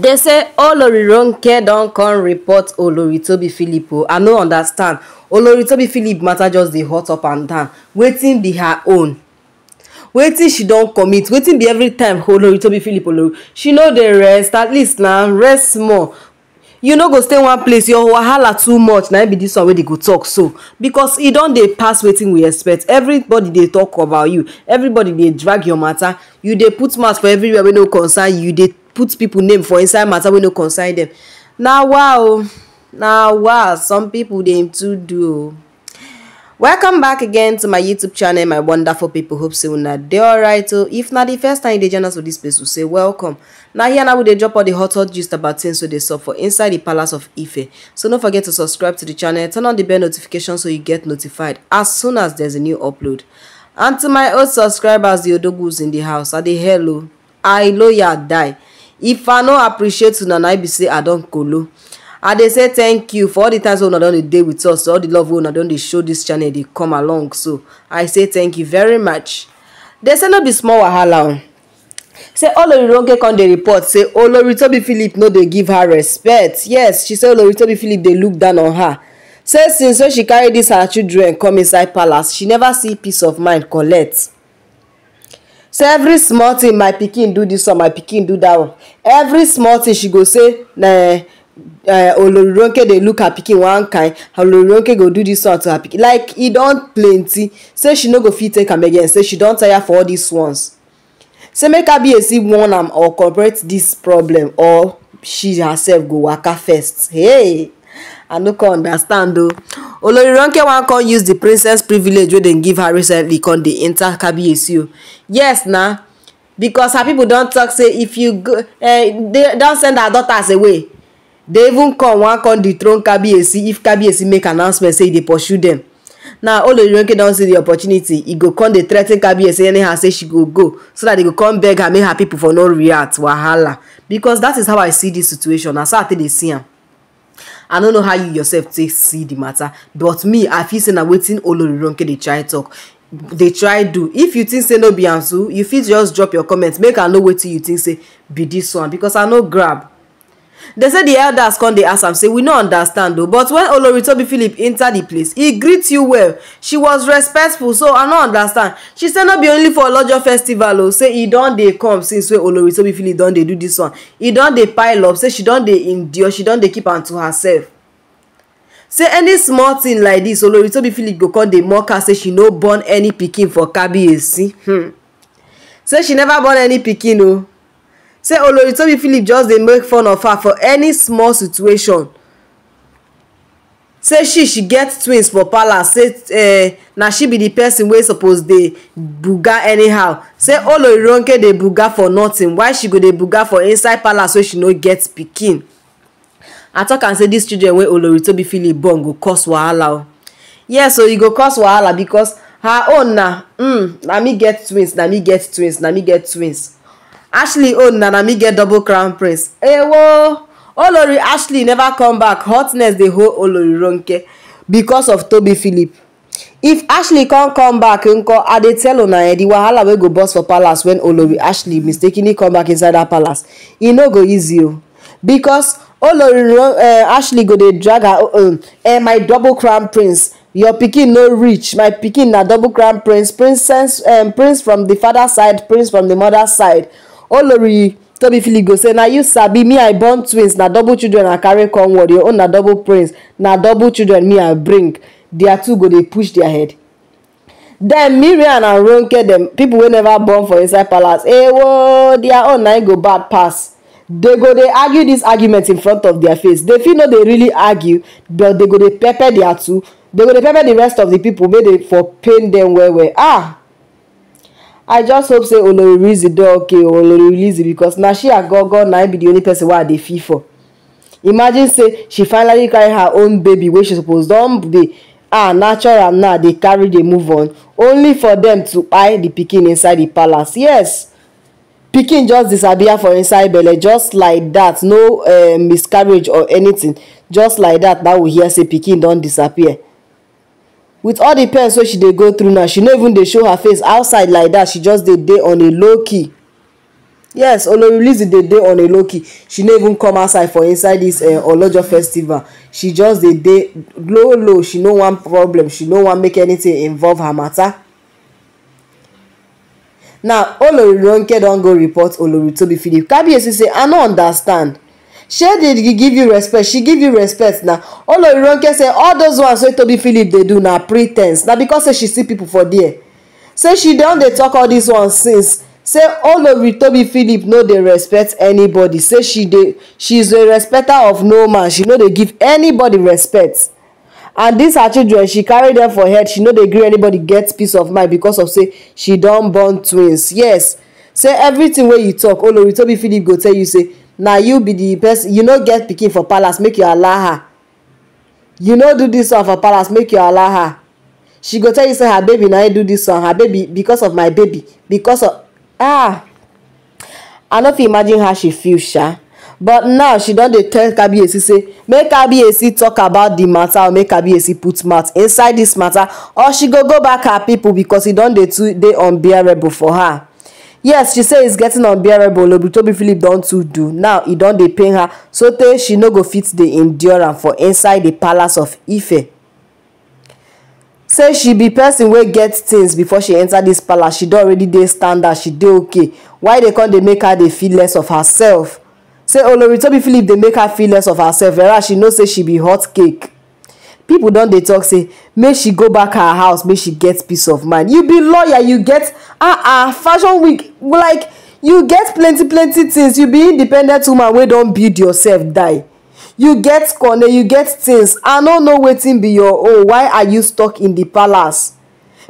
dey say olori ronke don come report olori tobi philip o i no understand olori tobi philip matter just dey hot up and down wetin be her own wetin she don commit wetin be every time olori tobi philip olori she no dey rest at least na rest small you no go stay one place your wahala too much na be this one wey dey go talk so because e don dey pass wetin we expect everybody dey talk about you everybody dey drag your matter you dey put mouth for everywhere wey no concern you you dey put people name for inside matter wey no concern them. na wow, o na wa some people dey too do welcome back again to my youtube channel my wonderful people hope say una dey alright o oh. if na the first time you dey join us for dis place we say welcome na here now we dey drop all the hot hot gist about things wey dey sup for inside the palace of ife so no forget to subscribe to the channel turn on the bell notification so you get notified as soon as there's a new upload and to my old subscribers the odogus in the house i dey hello oh. i loya die if i no appreciate una na be say i don kolo i dey say thank you for all the times wey una don dey dey with us all the love wey una don dey show this channel e dey come along so i say thank you very much dey say no be small wahala o say olori ronke come dey report say olori tobi philip no dey give her respect yes she say olori tobi philip dey look down on her say since wey she carry dis her children come inside palace she never see peace of mind collect so every small thing my pikin do this one my pikin do that one every small thing she go say na uh, olorironke dey look her pikin one kind olorironke go do this one to her pikin like e don plenty say she no go fit take am again say she don tire for all these ones say make a kabiyesi warn am or cooperate this problem or she herself go waka first hey i no come understand o. Oh olorirunke wan come use di princess privilege wey dem give her recently come dey enter kabiyesi o yes na because her people don talk say if you go eh, they don send her daughters away dey even come wan come dethrone kabiyesi if kabiyesi make announcement say e dey pursue dem now olorirunke don see di opportunity e go come dey threa ten kabiyesi anyhow say she go go so that e go come beg her make her people for no react wahala because that is how i see dis situation na so i take dey see am i no know how you yourself take see the matter but me i feel say na wetin olorirunke dey try talk, dey try do if you think say no be am so you fit just drop your comment make i know wetin you think say be this one because i no grab dem say di elders come dey ask am say we no understand o but wen olori philip enter di place e greet you well she was respectful so i no understand she say no be only for olojo festival o say e don dey come since wey olori philip don dey do dis one e don dey pile up say she don dey endure she don dey keep am to herself say any small thing like dis olori philip go come dey mock her say she no born any pikin for kabiyesi hmm. say she never born any pikin o say Olori oloritobi philip just dey make fun of her for any small situation say she she get twins for palace say eh, na she be the person wey suppose dey buga anyhow say Olori oloironke dey buga for nothing Why she go dey buga for inside palace wey she no get pikin i talk am say dis children wey oloritobi philip born go cause wahala o yes so e go cause wahala because her own na mm na me get twins na me get twins na me get twins ashley own nanami get double crown praise ewo olori ashley never come back hotness dey hold olori ronke because of toby philip if ashley come come back nko i dey tell una eh the wahala wey go burst for palace when olori ashley mistakenly come back inside that palace e no go easy o oh. because olori uh, ashley go dey drag her own oh, um, eh my double crown prince your pikin no reach my pikin na double crown prince princess um, prince from the father side prince from the mother side olori tobi filigo say na you sabi me i born twins na double children i carry come world your own na double prince na double children me i bring their two go dey push their head then miriam and ronke dem people wey never born for inside palace ewo their own na e go bad pass they go dey argue this argument in front of their face they fit no dey really argue but they go dey pepper their two they go dey pepper the rest of the people make they for pain them well well ah i just hope say olori rizzi dey okay o olori rizzi because na she agogo na be the only person wey i dey feel for imagine say she finally carry her own baby wey she suppose don dey ah natural now dey carry dey move on only for dem to kpai di pikin inside di palace yes pikin just disappear for inside belle just like dat no eh, miscarriage or anything just like dat now we hear say pikin don disappear with all the pain wey she dey go through now she no even dey show her face outside like that. she just dey dey on a low key yes olorileazi dey dey on a low key she no even come outside for inside dis eh, olojo festival she just dey dey low low she no wan problem she no wan make anything involve her matter now olori ronke don go report olori tobi philip kabiyesi say i no understand shey dey give you respect she give you respect na oloronke say all those ones wey tobi philip dey do na pretense na because say she see people for there say she don dey talk all these ones since say olori tobi philip no dey respect anybody say she dey she is a respecter of no man she no dey give anybody respect and this her children she carry dem for head she no dey gree anybody get peace of mind because of say she don born twins yes say everything wey you talk olori tobi philip go tell you say na you be the person you no get pikin for palace make you allow her you no do this one for palace make you allow her she go tell you say her baby na do this one her baby because of my baby because of ah i no fit imagine how she feel sha but now she don dey tell kabiyesi say make kabiyesi talk about the matter or make kabiyesi put mouth inside this matter or she go go back her people because e don dey too dey unbearable for her yes she say its getting unbearable olobitobi philip don too do now e don dey pain her so sotey she no go fit dey endure am for inside the palace of ife say she be person wey get things before she enter this palace she don already dey standard she dey okay why dey come dey make her dey feel less of herself say olori oh, tobi philip dey make her feel less of herself whereas she know say she be hot cake people don't they talk say may she go back her house may she get peace of mind you be lawyer you get ah ah fashion week like you get plenty plenty things you be independent woman don't build yourself die you get corner you get things i no know be your own why are you stuck in the palace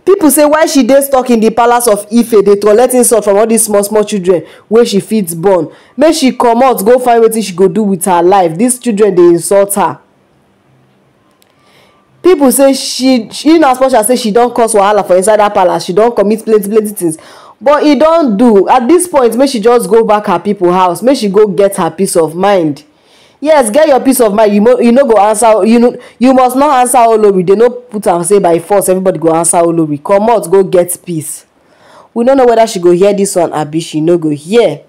people say why she dey stuck in the palace of ife they toileting insult from all these small small children where she feeds born may she come out go find what she go do with her life these children they insult her People say she you know, as much as say she don cause wahala for inside that palace she don commit plenty plenty things but e don do at this point make she just go back her pipo house make she go get her peace of mind yes get your peace of mind you you no go answer you know, you must not answer olori dey no put am say by force everybody go answer olori comot go get peace we no know whether she go hear this one abi she no go hear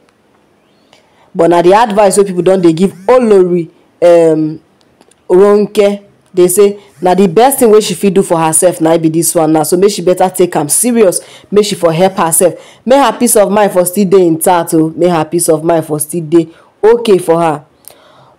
but na the advice wey people don dey give olori um ronke They say na the best thing wey she fit do for herself na be this one now so make she better take am serious make she for help herself make her peace of mind for still dey intact o oh. make her peace of mind for still dey okay for her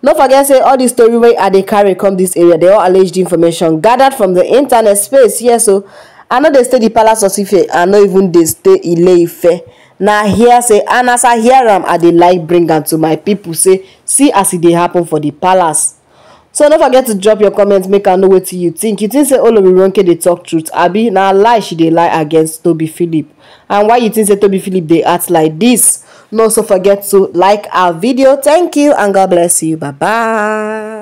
no forget say all di story wey i dey carry come this area they all alleged information gathered from the internet space yes o oh. i no dey stay the palace of ife i no even dey stay ile ife na here say and as i hear am i dey like bring am to my people say see as e dey happen for the palace so no forget to drop your comment make i know wetin you think you think say olorironke oh, dey talk truth abi na lie she dey lie against Toby philip and why you think say Toby philip dey act like this? no so forget to like our video thank you and god bless you bye bye